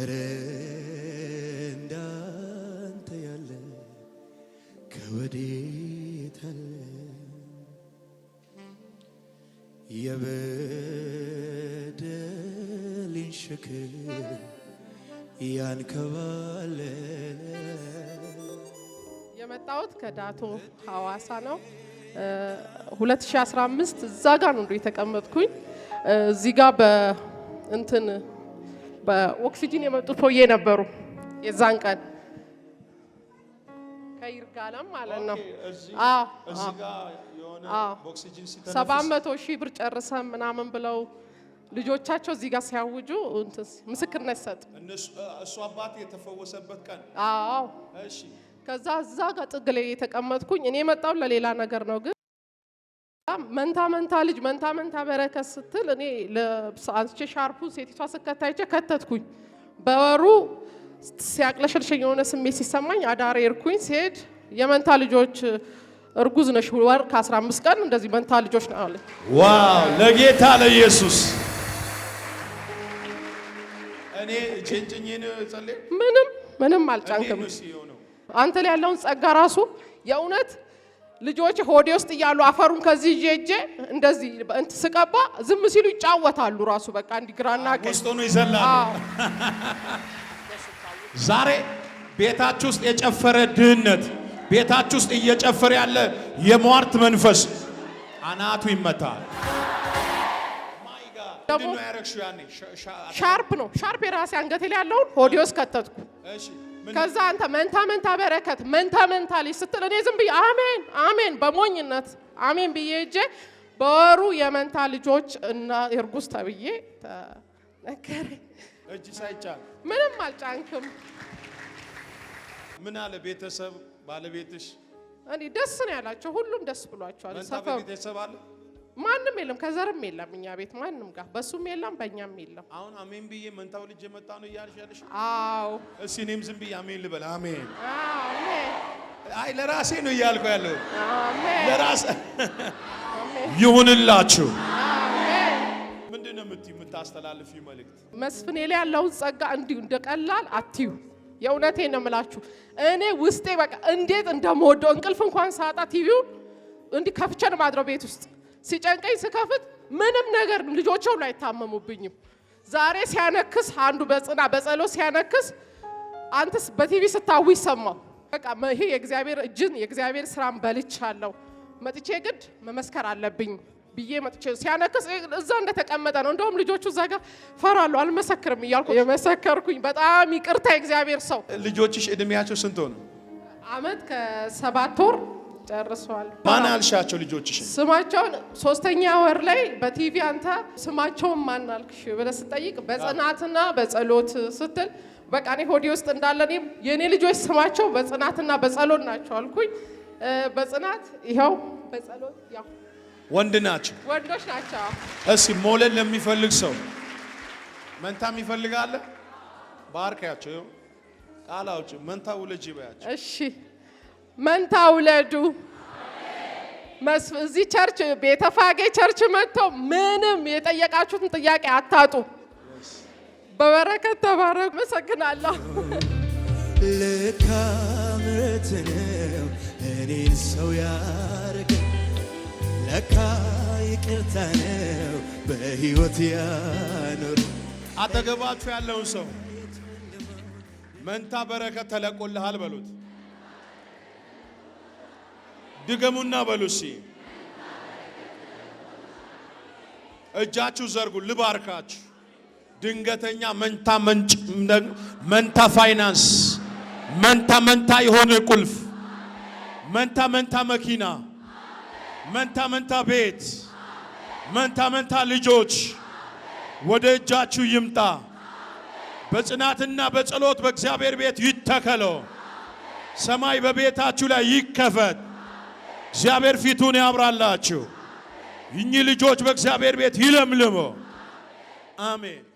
እረ እንዳንተ ያለ ከወዴት አለ? የበደሌን ሸክም ያንከባለ የመጣሁት ከዳቶ ሀዋሳ ነው። 2015 እዛ ጋር ነው የተቀመጥኩኝ እዚህ ጋር በእንትን በኦክሲጂን የመጡ ፎዬ ነበሩ። የዛን ቀን ከይርጋለም ማለት ነው። ሰባ መቶ ሺህ ብር ጨርሰ ምናምን ብለው ልጆቻቸው እዚህ ጋር ሲያውጁ ምስክርነት ሰጡ። እሱ አባት የተፈወሰበት ቀን። አዎ። ከዛ እዛ ጋር ጥግ ላይ የተቀመጥኩኝ እኔ የመጣው ለሌላ ነገር ነው ግን መንታ መንታ ልጅ መንታ መንታ በረከት ስትል እኔ አንስቼ ሻርፑን ሴቲቷ ስከታይቼ ከተትኩኝ። በወሩ ሲያቅለሸልሸኝ የሆነ ስሜት ሲሰማኝ አዳር ኤርኩኝ ሲሄድ የመንታ ልጆች እርጉዝ ነሽ ወር ከ15 ቀን እንደዚህ መንታ ልጆች ነው አለ። ዋው ለጌታ ለኢየሱስ እኔ ጭንጭኝን ጸልይ ምንም ምንም አልጫንክም። አንተ ላይ ያለውን ጸጋ ራሱ የእውነት ልጆች ሆዴ ውስጥ እያሉ አፈሩን ከዚህ ይዤ እጄ እንደዚህ እንትን ስቀባ ዝም ሲሉ ይጫወታሉ። ራሱ በቃ እንዲህ ግራና ቀኝ ውስጥ ይዘላሉ። ዛሬ ቤታችሁ ውስጥ የጨፈረ ድህነት፣ ቤታችሁ ውስጥ እየጨፈረ ያለ የሟርት መንፈስ አናቱ ይመታል። ሻርፕ ነው ሻርፕ የራሴ አንገቴ ላይ ያለውን ሆዴ ውስጥ ከተትኩ። ከዛ አንተ መንታ መንታ በረከት መንታ መንታ ልጅ ስትል እኔ ዝም ብዬ አሜን አሜን በሞኝነት አሜን ብዬ እጄ በወሩ የመንታ ልጆች እና እርጉዝ ተብዬ ተነገረ እጅ ሳይጫ ምንም አልጫንክም። ምን አለ ቤተሰብ ባለቤትሽ? እኔ ደስ ነው ያላቸው፣ ሁሉም ደስ ብሏቸዋል። ሰፈሩ ቤተሰብ አለ ማንም የለም፣ ከዘርም የለም እኛ ቤት ማንም ጋር በሱም የለም በእኛም የለም። አሁን አሜን ብዬ መንታው ልጅ የመጣ ነው እያልሽ ያለሽ? አዎ። እስኪ እኔም ዝም ብዬ አሜን ልበል። አሜን። አይ ለራሴ ነው እያልኩ ያለው። ለራሴ ይሁንላችሁ። ምንድን ነው የምትይው? መልእክት መስፍኔ ላይ ያለውን ጸጋ እንዲሁ እንደቀላል አትዩ። የእውነቴ ነው የምላችሁ። እኔ ውስጤ በቃ እንዴት እንደምወደው እንቅልፍ እንኳን ሳጣ ቲቪውን እንዲህ ከፍቼ ነው ማድረው ቤት ውስጥ ሲጨንቀኝ ስከፍት ምንም ነገር ልጆች ሁሉ አይታመሙብኝም። ዛሬ ሲያነክስ አንዱ በጽና በጸሎት ሲያነክስ አንተስ በቲቪ ስታዊ ሰማው። በቃ ይሄ የእግዚአብሔር እጅን የእግዚአብሔር ስራን በልቻለሁ። መጥቼ ግድ መመስከር አለብኝ ብዬ መጥቼ ሲያነክስ እዛ እንደተቀመጠ ነው። እንደውም ልጆቹ እዛ ጋር ፈራሉ አልመሰክርም እያልኩ የመሰከርኩኝ። በጣም ይቅርታ የእግዚአብሔር ሰው። ልጆችሽ እድሜያቸው ስንት ሆነ? አመት ከሰባት ወር ጨርሰዋል። ማን አልሻቸው ልጆችሽ? ስማቸውን ሶስተኛ ወር ላይ በቲቪ አንተ ስማቸውን ማን አልክሽ ብለህ ስጠይቅ በጽናትና በጸሎት ስትል በቃ እኔ ሆዴ ውስጥ እንዳለ እኔም የእኔ ልጆች ስማቸው በጽናትና በጸሎት ናቸው አልኩኝ። በጽናት ይኸው፣ በጸሎት ያው ወንድ ናቸው ወንዶች ናቸው። እስኪ መውለድ ለሚፈልግ ሰው መንታም ይፈልጋለ ባርካቸው ቃል አውጪ መንታ ውለጅ በያቸው። እሺ መንታ ውለዱ። እዚህ ቸርች ቤተፋጌ ቸርች መጥተው ምንም የጠየቃችሁትን ጥያቄ አታጡ። በበረከት ተባረኩ። አመሰግናለሁ። ልካምት ነው እኔን ሰው ያርገ ለካ ይቅርታ ነው በህይወት ያኖር። አጠገባችሁ ያለውን ሰው መንታ በረከት ተለቆልሃል በሉት። ድገሙና በሉሲ እጃችሁ ዘርጉ ልባርካችሁ። ድንገተኛ መንታ መንጭ መንታ ፋይናንስ መንታ መንታ የሆነ ቁልፍ መንታ መንታ መኪና መንታ መንታ ቤት መንታ መንታ ልጆች ወደ እጃችሁ ይምጣ። በጽናትና በጸሎት በእግዚአብሔር ቤት ይተከለው። ሰማይ በቤታችሁ ላይ ይከፈት። እግዚአብሔር ፊቱን ያብራላችሁ። እኚህ ልጆች በእግዚአብሔር ቤት ይለምልሙ። አሜን።